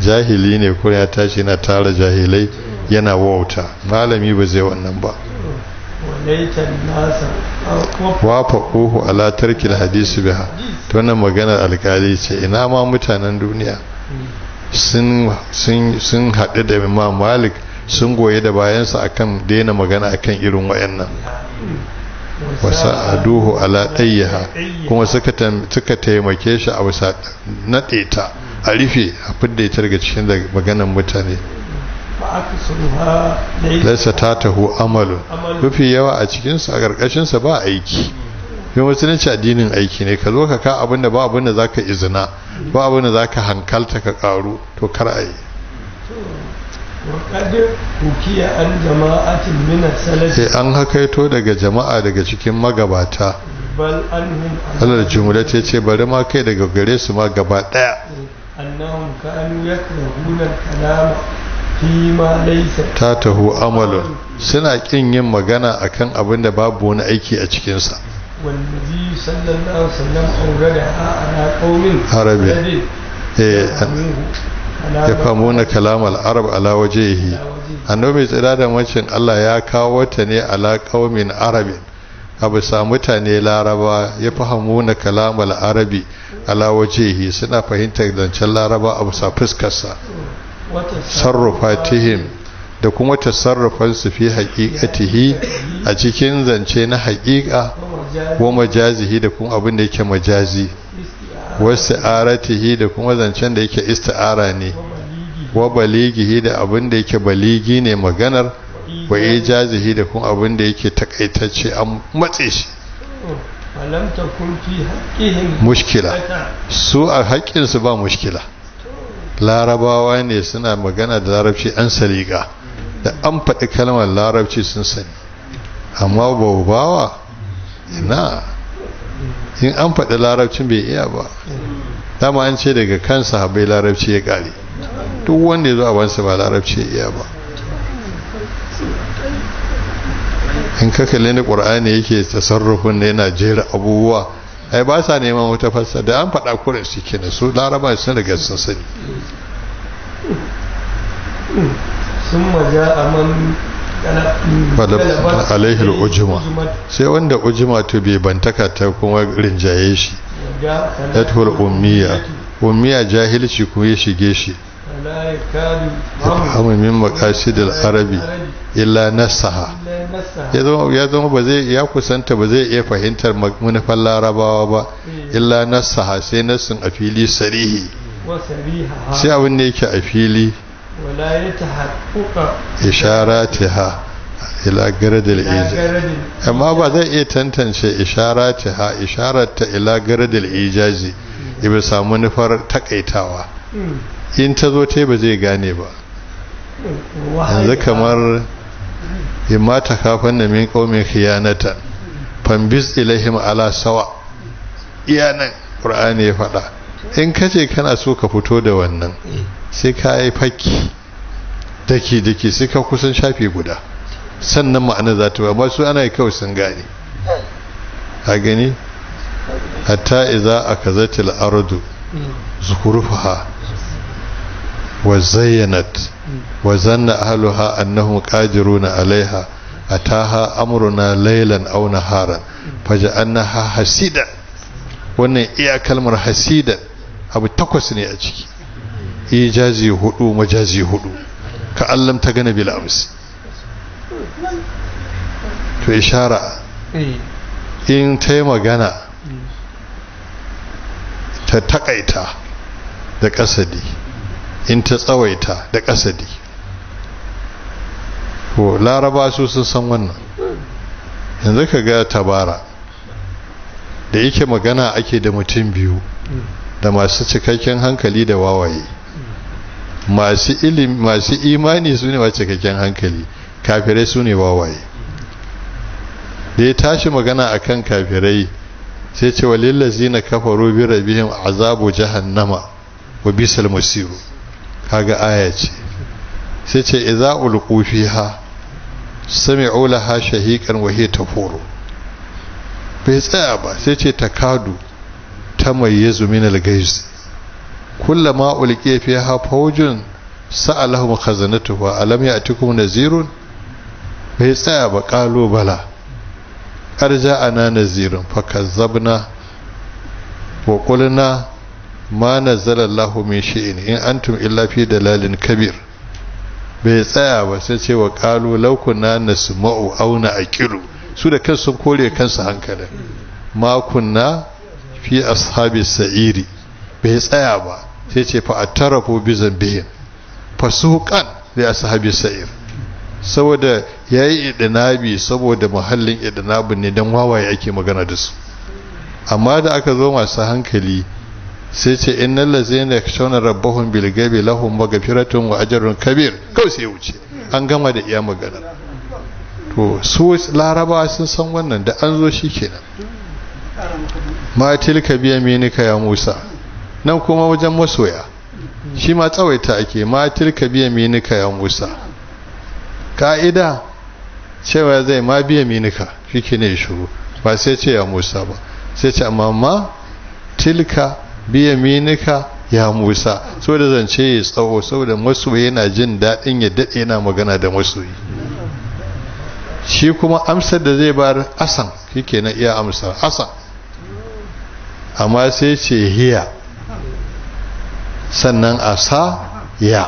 jahili ne ko ya tashi na tara jahilai yana wauta malami ba zai wannan ba wafa nasa wafaquhu ala tarki alhadisi biha wannan maganar alkali ce ina ma mutanen duniya sun haɗu da Imam Malik sun goye da bayansa akan daina magana akan irin wayannan wasa aduhu ala ɗayyaha kuma suka taimake shi a wasa naɗe ta a rufe a fidda ita daga cikin da maganar mutane laisa ta taho amalu mafi yawa a cikinsu a ƙarƙashinsa ba aiki yi musulunci addinin aiki ne ka zo ka ka abin da ba abin da za ka izina ba abin da za ka hankalta ka ƙaru to kar a yi sai an hakaito daga jama'a daga cikin magabata halar jumla ce ce bari ma kai daga gare su ma gaba ɗaya ta taho amalun suna ƙin yin magana akan abin da babu wani aiki a cikinsa harabin ya famu na kalamar arab ala wajehi annobi tsira da macin allah ya kawo ta ne ala ƙaumin arabin abu sa mutane laraba ya fahimu na kalamar arabi ala wajehi suna fahimtar zancen laraba abu sa fuskarsa sarrufatihim da kuma tasarrufansu fi haƙiƙatihi a cikin zance na haƙiƙa ko majazihi da kuma abin da yake majazi wasu aratihi da kuma zancen da yake ista'ara ne wa baligihi da abin da yake baligi ne maganar wa ijazihi da kuma abin da yake takaitacce a matse shi mushkila su a haƙƙinsu ba mushkila larabawa ne suna magana da larabci an saliga da an faɗi kalmar larabci sun sani amma bawa ina in an faɗi larabcin bai iya ba dama an ce daga kansa habai larabci ya ƙare duk wanda ya zo a bansa ba larabci ya iya ba in ka kalli ni yake tasarrufin da yana jera abubuwa ai ba sa neman wata fassara da an faɗa kuren su ke su laraba sun riga sun sani sun maja a man alaihi ujima sai wanda ujima to bai bantaka ta kuma rinjaye shi ya tuhul ummiya ummiya jahilci kuma ya shige shi tafhamu min da arabi illa nasaha ya zama ya ba zai ya kusanta ba zai iya fahimtar manufan larabawa ba illa nasaha sai nasin a fili sarihi sai abin da yake a fili ha ila garadil ijazi amma ba zai iya tantance isharatiha isharata ila garadil ijazi ibi samu nufar takaitawa in ta zo ta ba zai gane ba yanzu kamar imma ta kafin da min kome khiyanata fambis ilahim ala sawa Iyanan nan ƙur'ani ya faɗa in kace kana so ka fito da wannan sai ka yi fakki daki-daki sai ka kusan shafi guda sannan ma'ana za ta amma su ana yi kawai sun gane a gani hatta iza a kazatil ardu zukurufa وزينت وظن أهلها أنهم قادرون عليها أتاها أمرنا ليلا أو نهارا فجعلناها حسيدا wannan iya kalmar hasida abu takwas ne a ciki ijazi hudu majazi hudu ka allan ta gana bil amsi to ishara in ta magana ta taƙaita da kasadi in ta tsawaita da kasadi ko laraba su sun san wannan yanzu ka ga tabara da yake magana ake da mutum biyu da masu cikakken hankali da wawaye masu ilimi masu imani su ne masu cikakken hankali kafirai su ne wawaye da ya tashi magana akan kafirai sai ce walillazi na kafa bi rabihim azabu jahannama wa bisal musiru kaga aya ce sai ce idza ulqu fiha sami'u laha shahiqan wa hiya tafuru bai tsaya ba sai ce takadu mayyazu min al-gayz kullama ulqiya fiha fawjun sa'alahum khazanatuhu alam ya'tikum nazirun bai tsaya ba qalu bala arja'ana nazirun fakazzabna wa qulna ma nazzalallahu min shi'in in antum illa fi dalalin kabir bai tsaya ba sai ce wa qalu law kunna nasma'u aw na'qilu su da kansu sun kore kansu hankali ma kunna fi ashabi sa'iri bai tsaya ba sai ce fa atarafu bi zambihin suqan li ashabi sa'ir saboda yayi idnabi saboda muhallin idnabin ne dan wawaye ake magana da su amma da aka zo masu hankali sai ce innal lazina yakshawna rabbahum bil ghaibi lahum maghfiratun wa ajrun kabir kai sai wuce an gama da iya magana to su larabawa sun san wannan da an zo shikenan ma tilka biya minika ya Musa nan kuma wajen masoya shi ma tsawaita ake ma tilka biya minika ya Musa ka'ida cewa zai ma biya minika shike kine ba sai ce ya Musa ba sai ce amma ma tilka biya minika ya musa so da zance ya tsawo saboda masu yana jin daɗin ya daɗe yana magana da yi shi kuma amsar da zai bayar asan kike na iya amsar asan amma sai ce hiya sannan asa ya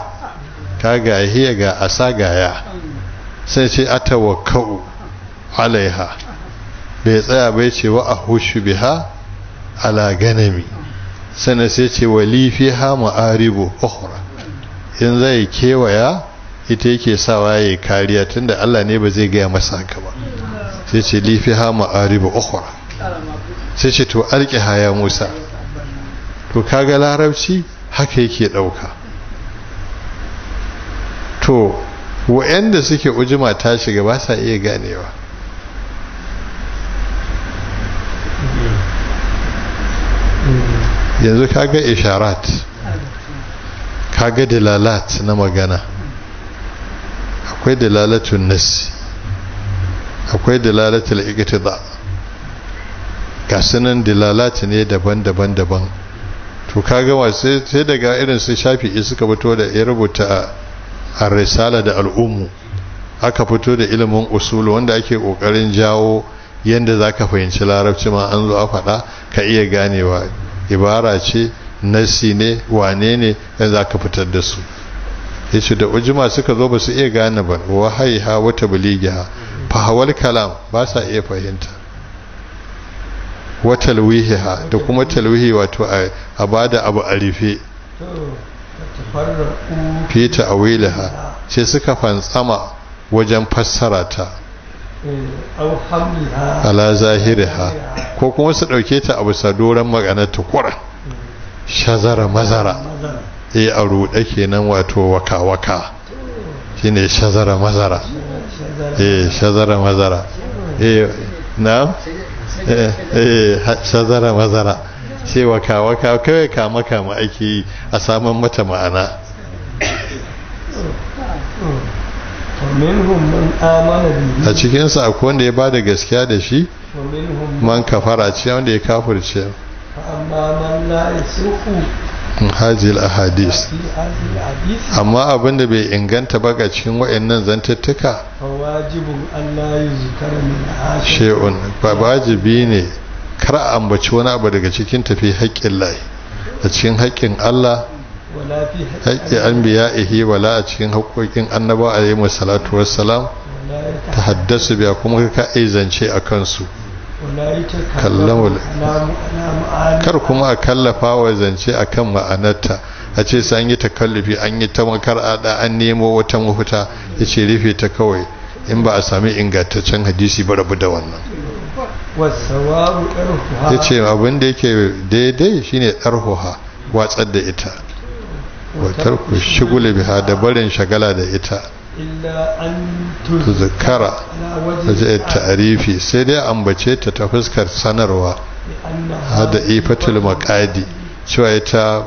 ka ga hiya ga asa ga ya sai ce atawakkau alaiha bai tsaya bai ce wa a hushu biha ala ganami sannan sai ce wali fi ha ma'aribu ukhra in zai kewaya ita yake sawa yayi kariya tunda Allah ne ba zai gaya masa haka ba sai ce li fi ha ma'aribu ukhra sai ce to alƙi haya Musa to kaga larabci haka yake ɗauka to wa'anda suke ujima ta shiga ba sa iya ganewa yanzu kaga isharat kaga dalalat na magana akwai dalalatun nasi akwai dalalatun iqtida ga sunan dalalati ne daban-daban daban to kaga wasu sai daga irin su isu ka fito da ya rubuta a risala da al'ummu aka fito da ilimin usulu wanda ake kokarin jawo yadda za ka fahimci larabci ma an zo a faɗa ka iya ganewa ibara ce nasi ne wane ne ya za ka fitar da su ya ce da ujima suka zo ba su iya gane ba wahai ha wata ha fahawar kalam ba sa iya fahimta wa talwihi ha da kuma talwihi wato a ba da abu a rufe fita a ha ce suka fantsama wajen fassara ta ala zahiriha ko kuma su ɗauke ta a bisa doron maganar tukura shazara mazara e a ruɗe kenan wato waka-waka shi ne shazara mazara e shazara mazara e eh, na e shazara mazara shi waka-waka kawai kama-kama ake yi a saman mata ma'ana a cikinsa akwai wanda ya bada da gaskiya da shi man kafara ce wanda ya kafirce hajjil hadis. amma abinda bai inganta ba ga cikin wa'annan zantattuka she'un ba wajibi ne kar a ambaci wani abu daga cikin tafi haƙƙin lai a cikin haƙƙin allah haƙƙi an biya ihi wala a cikin haƙoƙin annaba a yi salatu salam ta haddasa biya kuma ka zance a kansu kar kuma a kallafa wa zance a kan ma'anarta a ce sai an yi ta kallafi an yi ta makar ada an nemo wata mafuta ya ce rufe ta kawai in ba a sami ingantaccen hadisi ba rabu da wannan ya ce abinda yake daidai shine ɗarhuha watsar da ita watar shigule biha da barin shagala da ita tuzkara da ta'arifi sai dai ambace ta ta fuskar sanarwa hada ifatul maqadi cewa ita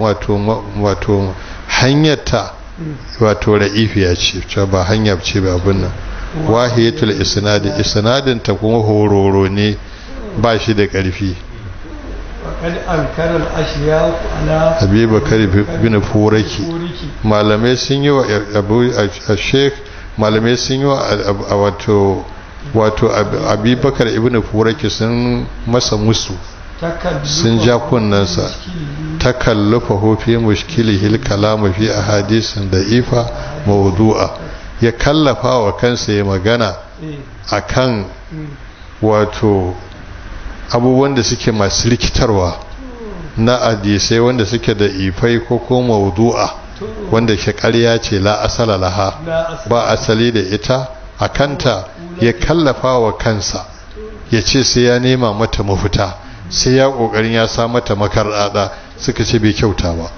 wato wato hanyar ta wato ra'ifiya ce cewa ba hanya ce ba abin nan wahiyatul isnadi isnadin ta kuma hororo ne ba shi da ƙarfi Habiba kari bin furaki malamai sun yi wa abu a sheik malamai sun yi wa wato wato abubakar ibn furaki sun masa musu sun ja kunnansa ta kallufa hofi mushkili hil kalamu fi a hadisun da ifa mawudu'a ya kallafa wa kansa ya magana a kan wato abubuwan da suke masu rikitarwa na adisai wanda suke da ifai ko ko wudu'a wanda ke ƙarya ce la asala laha ba asali da ita a kanta ya kallafa wa kansa ya ce sai ya nema mata mafita sai ya ƙoƙarin ya sa mata makarada suka ce bai kyauta ba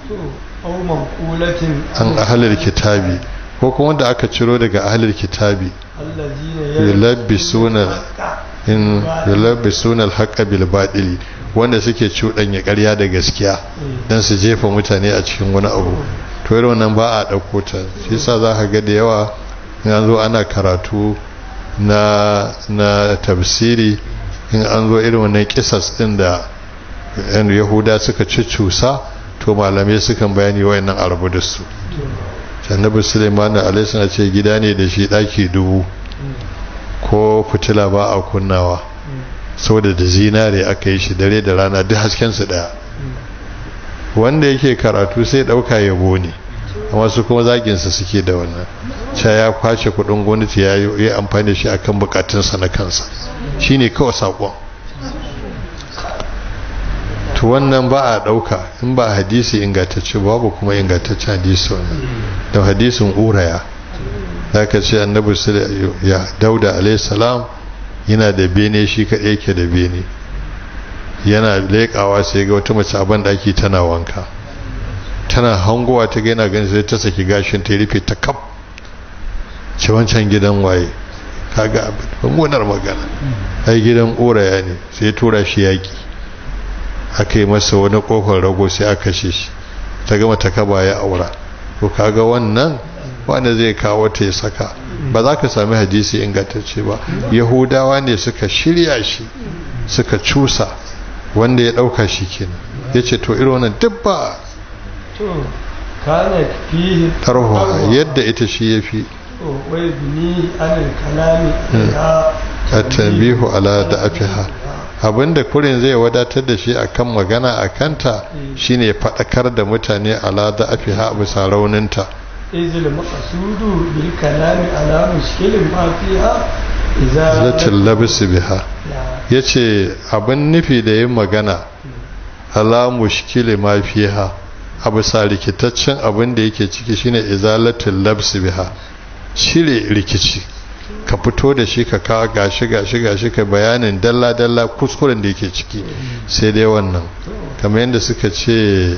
an ahalar kitabi ko kuma wanda aka ciro daga ahalar kitabi labbi suna in yalabisuna alhaqqa bil batili wanda suke cuɗanya ƙarya da gaskiya dan su jefa mutane a cikin wani abu to irin wannan ba a ɗauko ta shi yasa za ka ga da yawa in an zo ana karatu na na tafsiri in an zo irin wannan kisas din da yan yahuda suka cucusa to malamai sukan bayani wayannan a rabu da su annabi suleiman alaihi ce gida ne da shi daki dubu ko fitila ba a kunnawa saboda da zinare aka yi shi dare da rana duk haskensu daya wanda yake karatu sai ɗauka ya ne amma su kuma zaginsa suke da wannan cewa ya kwace kudin gwamnati ya yi amfani shi akan bukatunsa na kansa shine kawai sakon to wannan ba a ɗauka in ba hadisi ingantacce babu kuma ingantaccen hadisi wannan da hadisin uraya za ka ce annabi ya dauda salam yana da bene shi kaɗai ke da bene yana leƙawa sai ga wata mace abin da ake tana wanka tana hangowa ta gaina gani sai ta saki gashin ta rufe ta kaf ci wancan gidan waye kaga abin magana ai gidan oraya ne sai tura shi yaƙi aka yi masa wani ƙofar rago sai aka kashe shi ta gama ta kaba ya aura to kaga wannan wanda zai kawo ta ya saka ba za ka sami hadisi ingantacce ba yahudawa ne suka shirya shi suka cusa wanda ya ɗauka shi kenan ya ce to irin wannan dubba tarhuwa yadda ita shi ya fi a tambihu hmm. ala da afiha abinda kurin zai wadatar da shi akan magana a kanta hmm. shine faɗakar da mutane ala da afiha bisa rauninta إذ المقصود بالكلام على مشكل ما فيها إذا اللبس بها yace abin nufi da yin magana ala mushkili ma fiha abu sa rikitaccen abin da yake ciki shine izalatul labs biha shire rikici ka fito da shi ka kawo gashi gashi gashi ka bayanin dalla dalla kuskuren da yake ciki sai dai wannan kamar yadda suka ce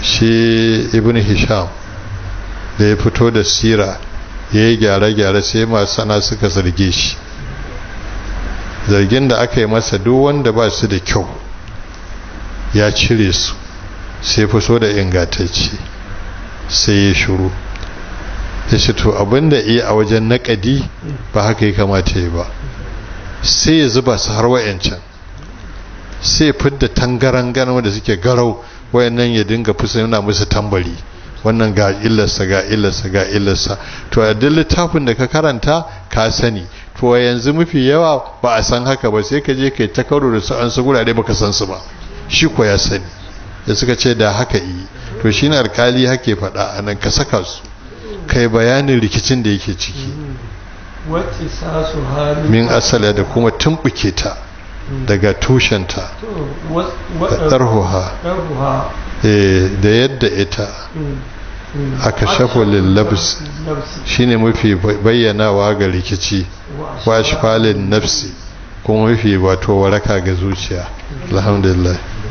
shi ibn hisham da ya fito da sira ya yi gyare-gyare sai masu sana suka zarge shi zargin da aka yi masa duk wanda ba su da kyau ya cire su sai fito da ingantacce sai ya shuru ya ce to abinda iya a wajen naƙadi ba haka ya kamata ya ba sai ya zuba su har wa'yancan sai ya fidda tangaran gano da suke garau wayannan ya dinga fusa yana musu tambari wannan ga illarsa ga illarsa ga illarsa to a duk littafin da ka karanta ka sani to yanzu mafi yawa ba a san haka ba sai ka je kai ta karo da su an su gurare baka san su ba shi ko ya sani da suka ce da haka yi to shi ne alkali hake faɗa a nan ka saka su kai bayanin rikicin da yake ciki min asala da kuma tumbuke ta daga tushenta tarhuha ɗarhuha Eh, da yadda ita aka shafalin labs shine mafi bayyanawa ga rikici wa shifalin nafsi kuma mafi wato waraka ga zuciya alhamdulillah